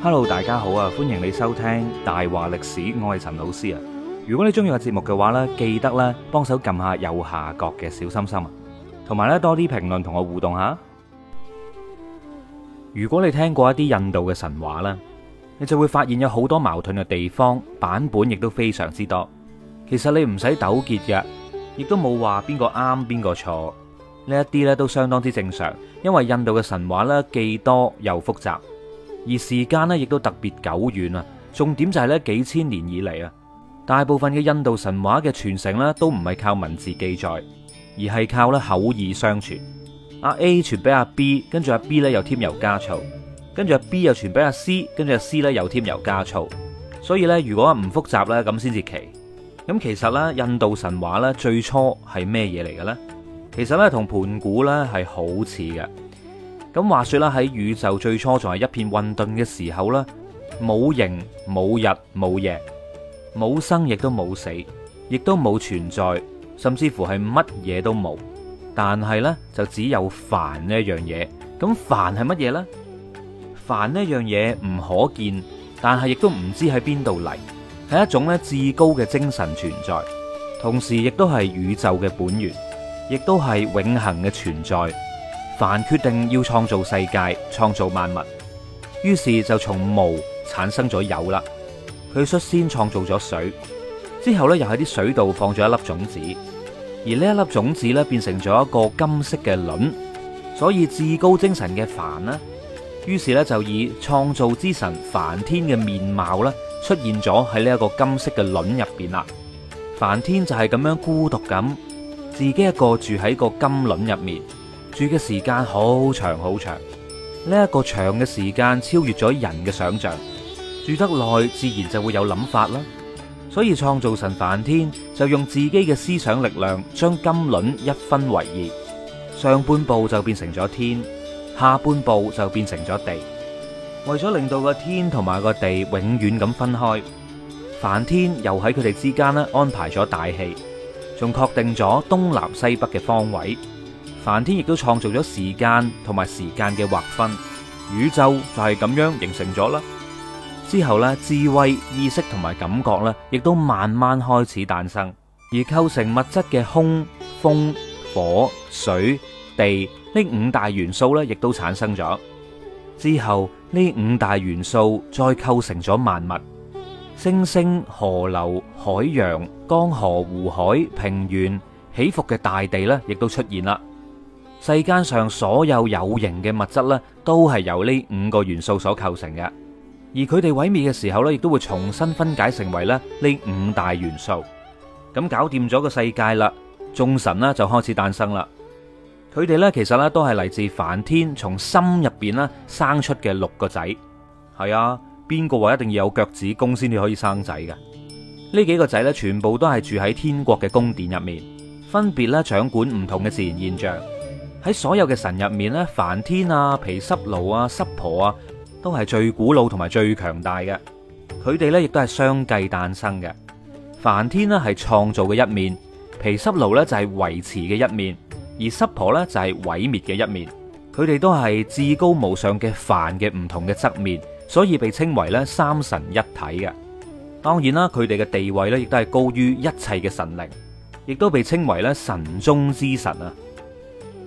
Hello，大家好啊！歡迎你收聽大話歷史，我係陳老師啊。如果你中意個節目嘅話呢，記得咧幫手撳下右下角嘅小心心啊，同埋咧多啲評論同我互動下。如果你聽過一啲印度嘅神話呢，你就會發現有好多矛盾嘅地方，版本亦都非常之多。其實你唔使糾結嘅，亦都冇話邊個啱邊個錯。呢一啲呢都相當之正常，因為印度嘅神話呢，既多又複雜。而時間咧，亦都特別久遠啊！重點就係咧幾千年以嚟啊，大部分嘅印度神話嘅傳承咧，都唔係靠文字記載，而係靠咧口耳相傳。阿 A 傳俾阿 B，跟住阿 B 咧又添油加醋，跟住阿 B 又傳俾阿 C，跟住阿 C 咧又添油加醋。所以咧，如果唔複雜咧，咁先至奇。咁其實咧，印度神話咧最初係咩嘢嚟嘅咧？其實咧，同盤古咧係好似嘅。咁話說啦，喺宇宙最初仲係一片混沌嘅時候咧，冇形冇日冇夜，冇生亦都冇死，亦都冇存在，甚至乎係乜嘢都冇。但係呢，就只有梵呢一樣嘢。咁梵係乜嘢呢？「梵呢一樣嘢唔可見，但係亦都唔知喺邊度嚟，係一種咧至高嘅精神存在，同時亦都係宇宙嘅本源，亦都係永恆嘅存在。梵決定要創造世界、創造萬物，於是就從無產生咗有啦。佢率先創造咗水，之後咧又喺啲水度放咗一粒種子，而呢一粒種子咧變成咗一個金色嘅卵。所以至高精神嘅梵呢，於是咧就以創造之神梵天嘅面貌咧出現咗喺呢一個金色嘅卵入邊啦。梵天就係咁樣孤獨咁，自己一個住喺個金卵入面。住嘅時間好長好長，呢一個長嘅時間超越咗人嘅想象，住得耐自然就會有諗法啦。所以創造神梵天就用自己嘅思想力量，將金輪一分為二，上半部就變成咗天，下半部就變成咗地。為咗令到個天同埋個地永遠咁分開，梵天又喺佢哋之間咧安排咗大氣，仲確定咗東南西北嘅方位。梵天亦都創造咗時間同埋時間嘅劃分，宇宙就係咁樣形成咗啦。之後咧，智慧、意識同埋感覺咧，亦都慢慢開始誕生。而構成物質嘅空、風、火、水、地呢五大元素咧，亦都產生咗。之後呢五大元素再構成咗萬物，星星、河流、海洋、江河湖海、平原起伏嘅大地咧，亦都出現啦。世間上所有有形嘅物質咧，都係由呢五個元素所構成嘅。而佢哋毀滅嘅時候咧，亦都會重新分解成為咧呢五大元素。咁搞掂咗個世界啦，眾神呢就開始誕生啦。佢哋呢其實咧都係嚟自梵天，從心入邊咧生出嘅六個仔。係啊，邊個話一定要有腳趾公先至可以生仔嘅？呢幾個仔咧，全部都係住喺天國嘅宮殿入面，分別咧掌管唔同嘅自然現象。喺所有嘅神入面咧，梵天啊、皮濕奴啊、濕婆啊，都係最古老同埋最強大嘅。佢哋咧亦都係相繼誕生嘅。梵天呢係創造嘅一面，皮濕奴咧就係、是、維持嘅一面，而濕婆咧就係毀滅嘅一面。佢哋都係至高無上嘅梵嘅唔同嘅側面，所以被稱為咧三神一體嘅。當然啦，佢哋嘅地位咧亦都係高於一切嘅神靈，亦都被稱為咧神中之神啊。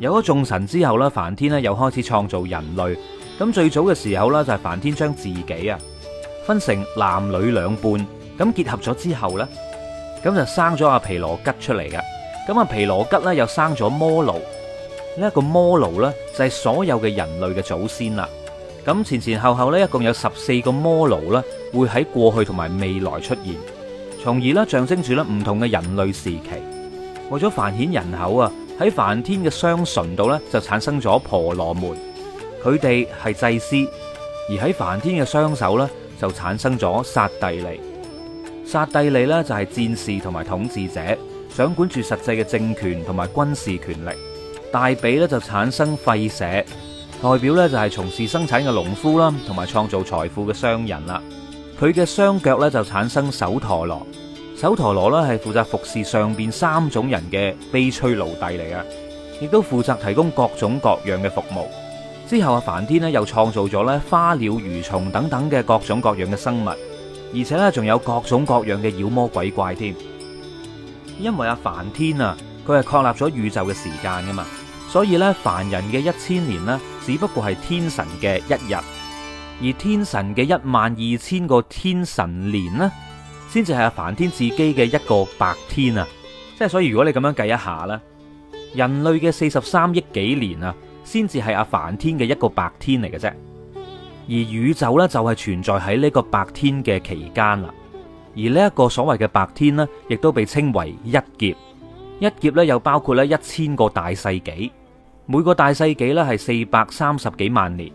有咗眾神之後咧，梵天咧又開始創造人類。咁最早嘅時候咧，就係、是、梵天將自己啊分成男女兩半，咁結合咗之後咧，咁就生咗阿皮羅吉出嚟㗎。咁阿皮羅吉咧又生咗摩奴呢一、這個摩奴咧，就係所有嘅人類嘅祖先啦。咁前前後後咧，一共有十四個摩奴咧會喺過去同埋未來出現，從而咧象徵住咧唔同嘅人類時期。為咗繁衍人口啊，喺梵天嘅雙唇度咧，就產生咗婆羅門，佢哋係祭司，而喺梵天嘅雙手咧，就產生咗剎帝利，剎帝利呢，就係戰士同埋統治者，掌管住實際嘅政權同埋軍事權力。大髀咧就產生吠舍，代表咧就係從事生產嘅農夫啦，同埋創造財富嘅商人啦。佢嘅雙腳咧就產生首陀羅。手陀羅咧係負責服侍上邊三種人嘅悲催奴隸嚟啊，亦都負責提供各種各樣嘅服務。之後阿梵天咧又創造咗咧花鳥魚蟲等等嘅各種各樣嘅生物，而且咧仲有各種各樣嘅妖魔鬼怪添。因為阿梵天啊，佢係確立咗宇宙嘅時間噶嘛，所以咧凡人嘅一千年咧只不過係天神嘅一日，而天神嘅一萬二千個天神年咧，先至係阿梵天自己嘅一個白天啊，即係所以如果你咁樣計一下呢，人類嘅四十三億幾年啊，先至係阿梵天嘅一個白天嚟嘅啫。而宇宙呢，就係存在喺呢個白天嘅期間啦。而呢一個所謂嘅白天呢，亦都被稱為一劫。一劫呢，又包括咧一千個大世紀，每個大世紀呢，係四百三十幾萬年。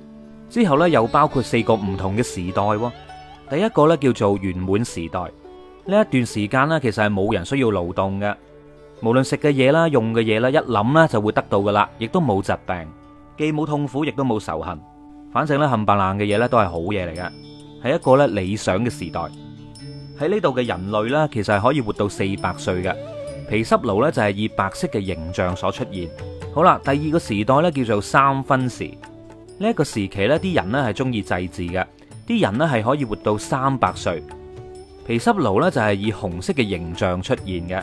之後呢，又包括四個唔同嘅時代。第一個呢，叫做圓滿時代。呢一段時間咧，其實係冇人需要勞動嘅，無論食嘅嘢啦、用嘅嘢啦，一諗咧就會得到噶啦，亦都冇疾病，既冇痛苦，亦都冇仇恨，反正呢，冚唪唥嘅嘢咧都係好嘢嚟嘅，係一個咧理想嘅時代。喺呢度嘅人類呢，其實係可以活到四百歲嘅，皮濕奴呢，就係以白色嘅形象所出現。好啦，第二個時代呢，叫做三分時，呢、這、一個時期呢，啲人呢係中意祭祀嘅，啲人呢係可以活到三百歲。皮濕奴咧就係以紅色嘅形象出現嘅，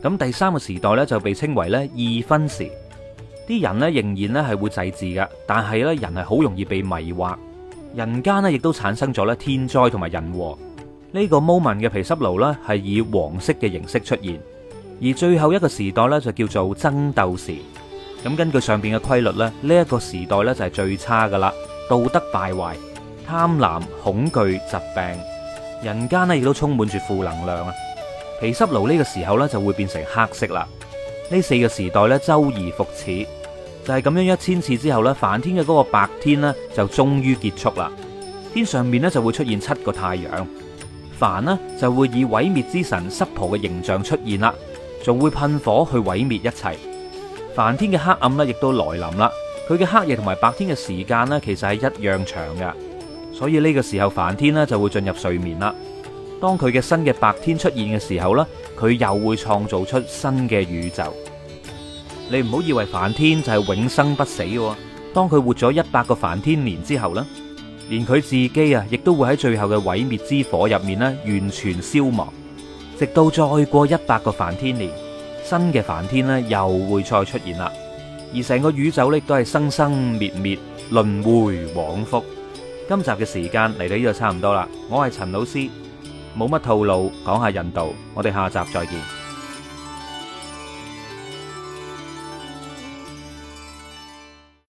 咁第三個時代咧就被稱為咧二分時，啲人咧仍然咧係會祭祀嘅，但係咧人係好容易被迷惑，人間咧亦都產生咗咧天災同埋人禍。呢個 moment 嘅皮濕奴咧係以黃色嘅形式出現，而最後一個時代咧就叫做爭鬥時。咁根據上邊嘅規律咧，呢一個時代咧就係最差噶啦，道德敗壞、貪婪、恐懼、疾病。人間咧亦都充滿住負能量啊！皮濕爐呢個時候咧就會變成黑色啦。呢四個時代咧周而復始，就係咁樣一千次之後呢，梵天嘅嗰個白天呢就終於結束啦。天上面呢就會出現七個太陽，梵呢就會以毀滅之神濕婆嘅形象出現啦，仲會噴火去毀滅一切。梵天嘅黑暗呢亦都來臨啦，佢嘅黑夜同埋白天嘅時間呢，其實係一樣長嘅。所以呢個時候，梵天呢就會進入睡眠啦。當佢嘅新嘅白天出現嘅時候呢，佢又會創造出新嘅宇宙。你唔好以為梵天就係永生不死嘅喎。當佢活咗一百個梵天年之後呢，連佢自己啊，亦都會喺最後嘅毀滅之火入面呢完全消亡。直到再過一百個梵天年，新嘅梵天呢又會再出現啦。而成個宇宙呢，都係生生滅滅、輪迴往復。今集嘅時間嚟到呢度差唔多啦，我係陳老師，冇乜套路，講下印度，我哋下集再見。